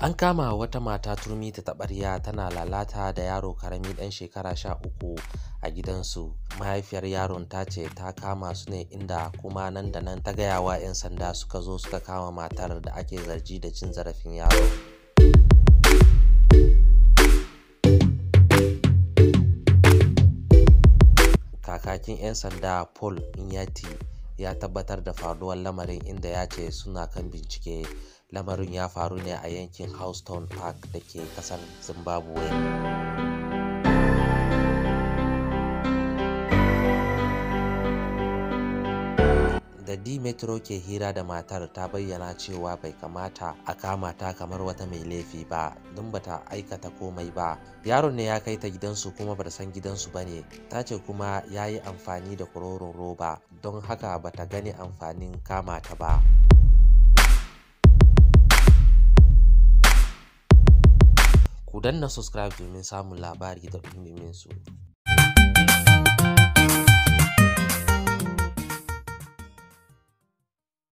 An kama wata mata turmi ta tabariya tana lalata da yaro karami dan shekara sha uku a gidansu. Mahaifiyar yaron ta ce ta kama su ne inda kuma nan da nan ta gayawa 'yan sanda suka zo suka kama matar da ake zarji da cin zarafin yaro. Kakakin 'yan sanda Paul Inyati ya tabbatar da faruwar lamarin inda ya ce suna kan bincike lamarin ya faru ne a yankin houston park da ke kasar zimbabwe da d ke hira da matar ta bayyana cewa bai kamata a kama ta kamar wata mai laifi ba don bata aikata komai ba yaron ne ya kai ta gidansu kuma bata san gidansu ba ne. ta ce kuma ya yi amfani da kororon roba don haka bata gani amfanin kama ta ba ku danna subscribe domin samun labari da ɗumin su